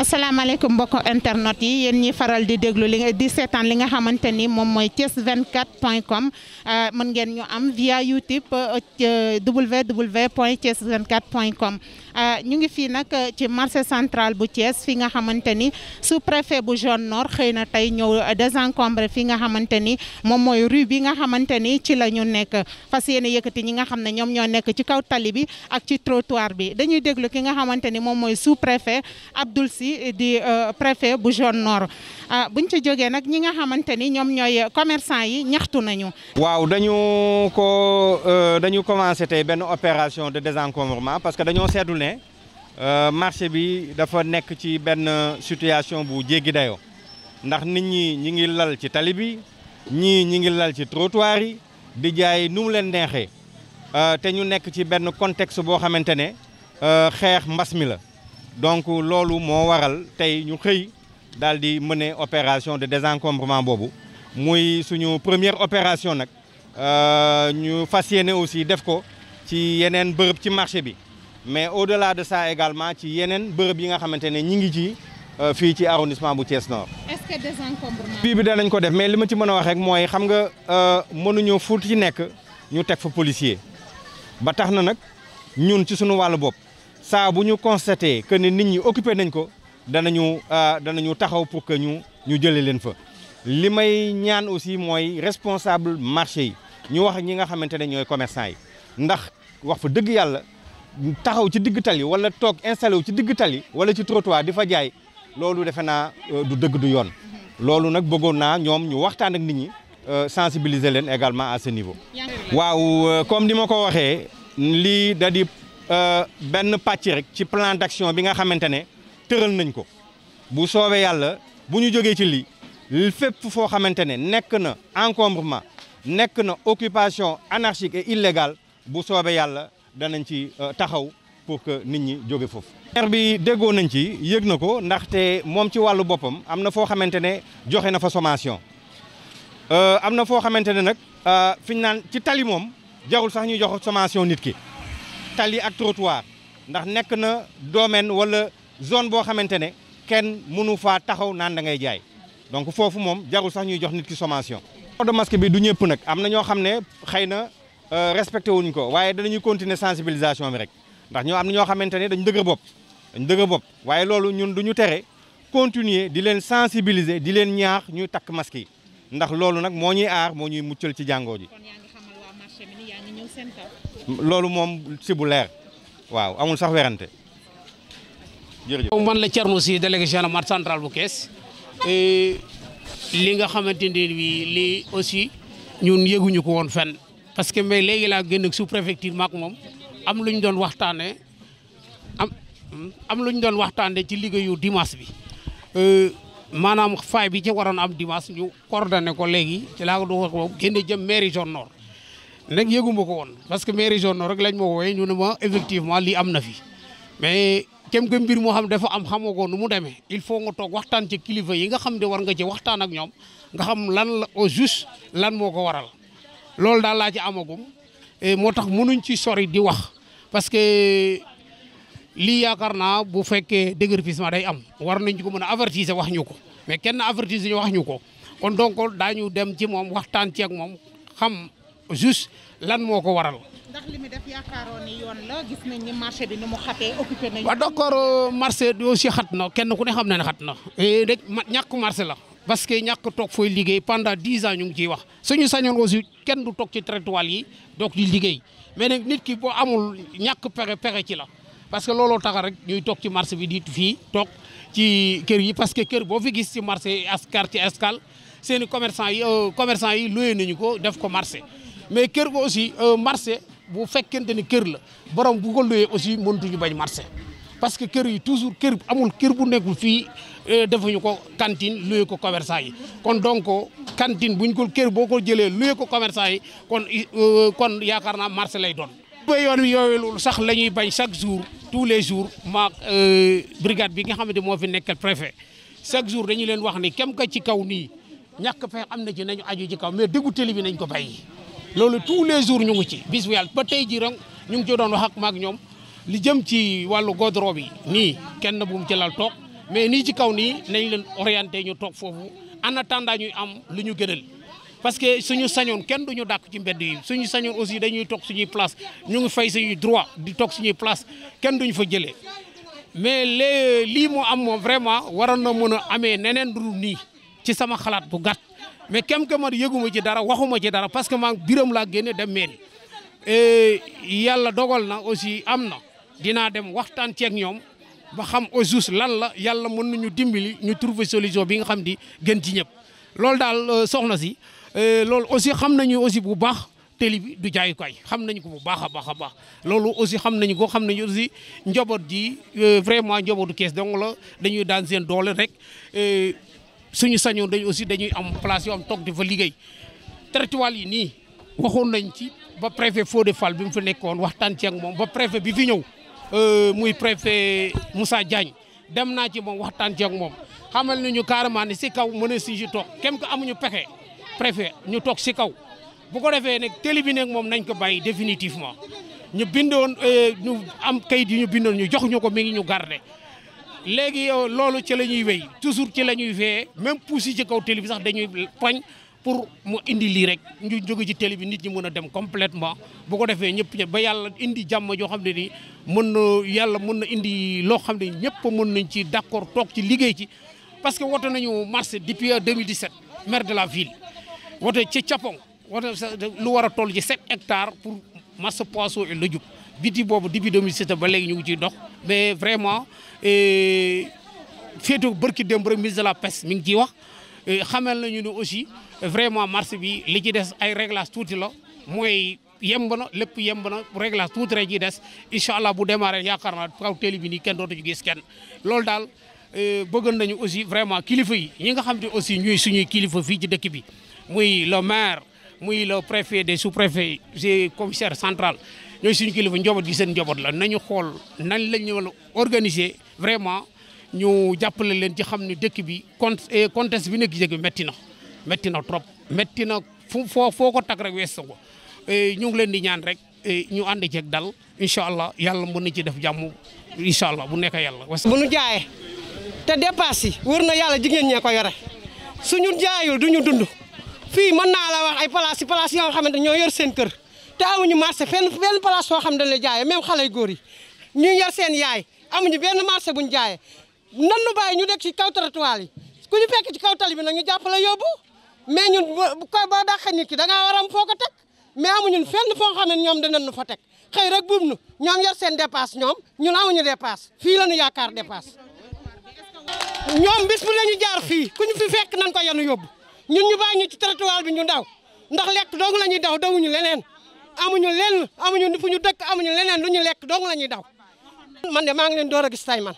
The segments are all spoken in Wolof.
asalaamaaleykum mbokk internet yi yéen ñi faral di déglu li nga di seetaan li nga xamante ni moom mooy vingt 24 point com euh, mën ngeen ñu am via youtube www euh, euh, point thies 24 point com ñu ngi fii nag ci marché central bu Thiès fi nga xamante ni sous préfet bu zone nord xëy na tey ñëw désencombré fi nga xamante ni moom mooy rue bi nga xamante ni ci la ñu nekk fas yéene yëkkati ñi nga xam ne ñoom ñoo nekk ci kaw tali bi ak ci trottoir bi dañuy déglu ki nga xamante ni moom mooy sous préfet Abdoul bi di euh, préfet bu zone nord ah, buñ ci jógee nag ñi nga xamante ni ñoom ñooy commerçant yi ñaxtu nañu. waaw dañu ko euh, dañu commencé tey benn opération de désencombrement parce que dañoo seetlu ne euh, marché bi dafa nekk ci benn situation bu jéggi dayo ndax nit ñi ñi ngi lal ci tali bi ñi ñi ngi lal ci trottoir yi bi jaay nu mu leen neexee te ñu nekk ci benn contexte boo xamante ne xeex mbas mi la. donc loolu moo waral tey ñu xëy daal di mener opération de désencombrement boobu muy suñu première opération nag euh, ñu fas yéene aussi def ko ci yeneen bërëb ci marché bi mais au-delà de ça également ci yeneen bërëb yi nga xamante ne ñi ngi ci euh, fii ci arrondissement bu Thiès Nord. bii bi danañ ko def mais li ma ci mën a wax rek mooy xam nga euh, mënuñoo fu ci nekk ñu teg fa policier ba tax na nag ñun ci suñu wàllu bopp. saa bu ñu constaté que ne nit ñi occupé nañ ko danañu euh, danañu taxaw pour que ñu ñu jëlee leen fa. li may ñaan aussi mooy responsable marché yi ñu wax ñi nga xamante ne ñooy commerçant yi ndax wax fa dëgg yàlla taxaw ci digg tali wala toog installé wu ci digg tali wala ci trottoir di fa jaay loolu defe naa euh, du dëgg du yoon. loolu nag bëggoon naa ñoom ñu waxtaan ak nit ñi euh, sensibiliser leen également à ce niveau. waaw comme ni ma ko waxee lii da Euh, benn pàcc rek ci plan d'action bi nga xamante ne tëral nañ ko bu soobee yàlla bu ñu jógee ci lii fépp foo xamante ne nekk na encombrement nekk na occupation anarchique et illégale bu soobee yàlla danañ ci euh, taxaw pour que nit ñi jóge foofu. maire bi déggoo nañ ci yëg na ko ndaxte moom ci wàllu boppam am na foo xamante ne joxe na fa sommation euh, am na foo xamante ne nag fi ñu naan ci tali moom jarul sax ñuy jox sommation nit ki. tali ak trottoir ndax nekk na domaine wala zone boo xamante ne kenn mënu faa taxaw naan da ngay jaay donc foofu moom jarul sax ñuy jox nit ki sommation. port de masque bi du ñëpp nag am na ñoo xam ne xëy na euh, respecté wuñ ko waaye danañuy continuer sensibilisation bi rek ndax ñoo am na ñoo xamante ne dañ dëgër bopp dañ dëgër bopp waaye loolu ñun du ñu tere continuer di leen sensibiliser di leen ñaax ñuy takk masque yi ndax loolu nag moo ñuy aar moo ñuy muccël ci jàngoo ji. loolu moom si bu leer waaw amul sax weerante jërëjëf. man la Thierno si délégué général marché central bu Kees li nga xamante ne bii lii aussi ñun yëguñu ko woon fen parce que mais léegi laa génn ak sous préfecture maak moom am lu ñu doon waxtaane am am lu ñu doon waxtaanee ci liggéeyu dimanche bi euh, maanaam faay bi ci waroon am dimanche ñu coordonné ko léegi ci laa ko doon wax génne jëm mairie zone nord. nag yëguma ko woon parce que mairie zone nord rek lañ ma woowee ñu ne ma effectivement lii am na fi mais kem nga mbir moo xam dafa am xamoo ko nu mu demee il faut nga toog waxtaan ci kilifa yi nga xam ne war nga ci waxtaan ak ñoom nga xam lan la au juste lan moo ko waral loolu daal laa ci amagum e moo tax mënuñ ci sori di wax parce que lii yaakaar naa bu fekkee déguerpissement day am war nañ ko mën a avertiser wax ñu ko mais kenn avertiser ñu wax ñu ko kon dem ci waxtaan ci ak moom juste lan moo ko waral. ndax li marché bi ni mu xatee occupé nañu. waaw d'accord euh, marché bi na kenn ku ne xam na ne xat na. rek ñàkk marché la. parce que ñàkk toog fooy liggéey pendant dix ans ñu ngi ciy wax suñu sañoon kenn du toog ci trottoir yi doog di liggéey mais nag nit ki boo amul ñàkk pexe pexe ci la. parce que looloo taxal rek ñuy toog ci marché bi di fii toog ci kër yi parce que kër boo fi gis ci marché quartier Escale seeni commerçant yi euh, commerçant yi loué nañu ko def ko marché. mais kër ko aussi euh, marché bu fekkente ni kër la borom bu ko luyee aussi mëntuñu bañ marché parce que kër yi toujours kër amul kër bu nekkul fii euh, defuñu ko cantine luyee ko commerçant yi kon donc cantine buñ ko kër boo ko jëlee luyee ko commerçant yi kon euh, kon yaakaar naa marché lay doon. ba yoon wi yooyu sax la ñuy bañ chaque jour tous les jours ma brigade bi nga xamante moo fi nekkal préfet chaque jour dañuy leen wax ni kem ka ci kaw nii ñàkk fexe am na ci nañu aju ci kaw mais déggu nañ ko bàyyi. loolu tous les jours ñu ngi ci bis yàlla ba tey ji rek ñu ngi ci doon wax ak ñoom li jëm ci wàllu godoro bi nii kenn bu mu ci toog mais nii ci kaw nii nañ leen orienté ñu toog foofu en attendant ñuy am lu ñu gënal parce que suñu sañoon kenn du ñu dàkk ci mbedd yi suñu sañoon aussi dañuy toog su ñuy place ñu ngi fay suñuy droit di toog suñuy place kenn duñu fa jëlee mais lée lii moo am moom vraiment waroon na mën a amee neneen du nii ci sama xalaat bu gàtt mais kem que man yëguma ji dara waxuma ci dara parce que maa biram laa génne dem mairie yàlla dogal na aussi am na dinaa dem waxtaan ceeg ñoom ba xam au juste lan la yàlla mën nañu dimbali ñu trouver solution bi nga xam di gën ci ñëpp loolu daal euh, soxna si euh, loolu aussi xam nañu aussi bu baax télé bi du jaayukaay xam nañu ko bu baax a baax a baax loolu aussi xam nañu ko xam nañu aussi njaboot ji euh, vraiment njabootu kees donc la dañuy daan seen doole rek suñu sañoon dañ aussi dañuy am place yoo am toog di fa liggéey territoire yi nii waxoon nañ ci ba préfet Fodé Fall bi mu fa nekkoon waxtaan ci moom ba préfet bi fi ñëw euh, muy préfet Moussa Diagne dem naa ci moom waxtaan ci ak moom xamal ñu carrément ne si kaw mën a si si toog kem ko amuñu pexe préfet ñu toog si kaw bu ko defee ne télé bi nag moom nañ ko bàyyi définitivement ñu bindoon euh, ñu am kayit yi ñu bindoon ñu jox ñu ko mi ngi ñu garde léegi yow loolu ci la ñuy wéy toujours ci la ñuy veillé même pousse yi ci kaw télé bi sax dañuy poñ pour mu indi lii rek ñu jóge ci télé bi nit ñi mën a dem completement bu ko defee ñëpp ñëpp ba yàlla indi jàmm joo xam ne ni mën na yàlla mën na indi loo xam ne ñëpp mën nañ ci d'accord toog ci liggéey ci parce que wote nañu marché depuis 2017 maire de la ville wote ci Capong wote lu war a toll ci 7 hectares pour marché poisson et lajum biti boobu depuis 2007 ba léegi ñu ngi ciy dox mais vraiment euh, féetoo bërki démb rek ministre de la pêche mi ngi ciy wax euh, xamal nañu ne aussi vraiment marché bi li ci des ay réglage tuuti la mooy yemb na lépp yemb na réglage tuuti rek ci des incha allah bu démarré yaakaar naa kaw télé bi nii kenn dootu ci gis kenn loolu daal euh, bëggoon nañu aussi vraiment kilifa yi ñi nga xam te aussi ñuy suñuy kilifa fii ci dëkk bi muy la maire muy la préfet des su préfets commissaire central ñooy suñu kilifa njaboot gi seen njaboot la ñu xool nañ lañ ñu organiser vraiment ñu jàppale leen ji xam ne dëkk bi con eh, contexte bi nekk ci dëkk bi na métti na trop métti na fu foo ko tak rek wees ko eh, ñu ngi leen di ñaan rek eh, ñu ànd ceeg dal incha allah yàlla mën na ci def jàmm incha allah bu nekk yàlla. bu nu jaayee te dépasse yi wër na yàlla jigéen ñee ko yore suñu jaayul duñu dund fii mën naa la wax ay place yi place yoo xamante ñoo yor seen kër. te amuñu marché fenn benn place xam dañ la jaayee même xale yu góor yi ñu yar seen yaay amuñu benn marché buñ jaayee nan nu bàyyi ñu dëkk ci kaw trottoir yi ku ñu fekk ci kaw tali bi nag ñu jàppale yóbbu mais ñun bu koy boo dàqee nit ki da ngaa war am foo ko mais amuñu fenn foo xam ne ñoom danañ nu fa teg xëy rek buum nu ñoom yor seen dépasse ñoom ñun amuñu dépasse fii la ñu yaakaar dépasse. ñoom bis bu la ñu jaar fii ku ñu fi fekk nañ ko nu yóbbu ñun ñu bàyyi ñu ci trottoir bi ñu daw ndax lekk dong la ñuy daw dawuñu leneen. amuñu lenn amuñu fu ñu dëkk amuñu leneen lu ñu lekk dong la ñuy daw man de maa ngi leen door a gis tey man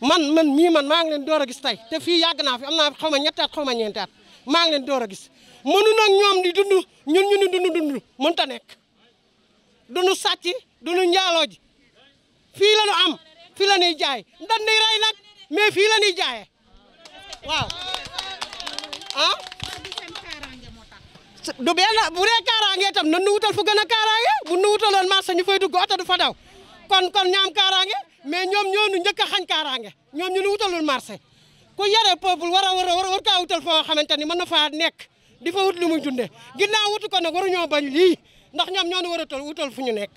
man man ñii man maa ngi leen door a gis tey te fii yàgg naa fi am naa xaw ma ñetti at xaw ma ñeenti at ngi leen door a gis mënu nag ñoom di dund ñun ñu ni dund dund nekk duñu sàcc duñu njaaloo ji fii la ñu am fii la ñuy jaay dan ni nag mais fii la ñuy jaayee waaw ah du benn bu dee kaaraange itam nan nu wutal fu gën a kaaraange bu nu wutaloon marché ñu fay dugg oto du fa daw kon kon ñaam kaaraange mais ñoom ñoo nu njëkk a xañ kaaraange ñoom ñu nu wutalul marché ku yare peuple war a war a war kaa wutal foo xamante ni mën na fa nekk di fa wut lu muy dundee ginnaaw wutu ko nag waruñoo bañ lii ndax ñoom ñoo nu war a wutal fu ñu nekk.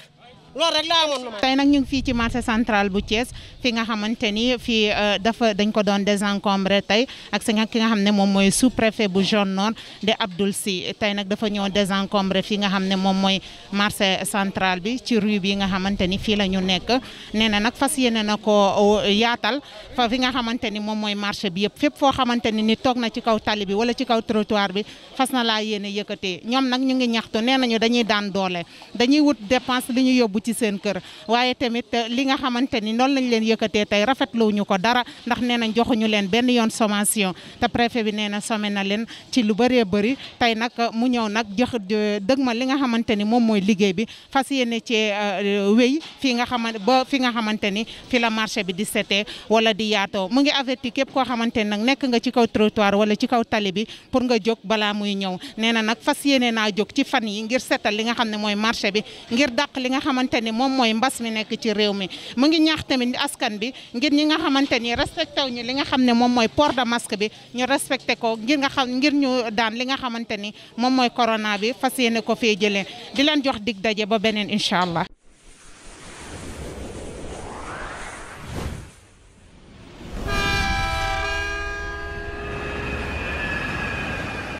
loolu rek tey nag ñu ngi fii ci marché central bu cees fi nga xamante ni fii euh, dafa dañ ko doon désencombré tey ak si ki nga xam ne moom mooy sous préfet bu zone nord de Abdoul Sy tey nag dafa ñëw désencombré fii nga xam ne moom mooy marché centrale bi ci rue bi nga xamante ni fii la ñu nekk nee na nag fas yéene na ko euh, yaatal fa fi nga xamante ni moom mooy marché bi yëpp fépp foo xamante ni ni toog na ci kaw tali bi wala ci kaw trottoir bi fas na laa yéene yëkkatee ñoom nag ñu ngi ñaxtu nee nañu dañuy daan doole dañuy wut dépense li yóbbu yóbbu ci seen kër waaye tamit eh, li nga xamante ni noonu lañ leen yëkkatee tey rafetlu ñu ko dara ndax nee nañ joxuñu leen benn yoon sommation te préfet bi nee na sommé na leen ci lu bëree bëri tey nag eh, mu ñëw nag jox eh, dëgg ma li nga xamante ni moom mooy liggéey bi fas yéene cee wéy fii nga xamante ba fi nga xamante ni fi la marché bi di setee wala di yaatoo mu ngi averti képp koo xamante ni nag nekk nga ci kaw trottoir wala ci kaw tali bi pour nga jog balaa muy ñëw nee na fas yéene naa jóg yi ngir setal li nga xam ne mooy marché bi xamante ni moom mooy mbas mi nekk ci réew mi mu ngi ñaax tamit askan bi ngir ñi nga xamante ni respecté wu ñu li nga xam ne moom mooy port de masque bi ñu respecté ko ngir nga xam ngir ñu daan li nga xamante ni moom mooy corona bi fas yéene ko fee jëlee di leen jox dig daje ba beneen incha allah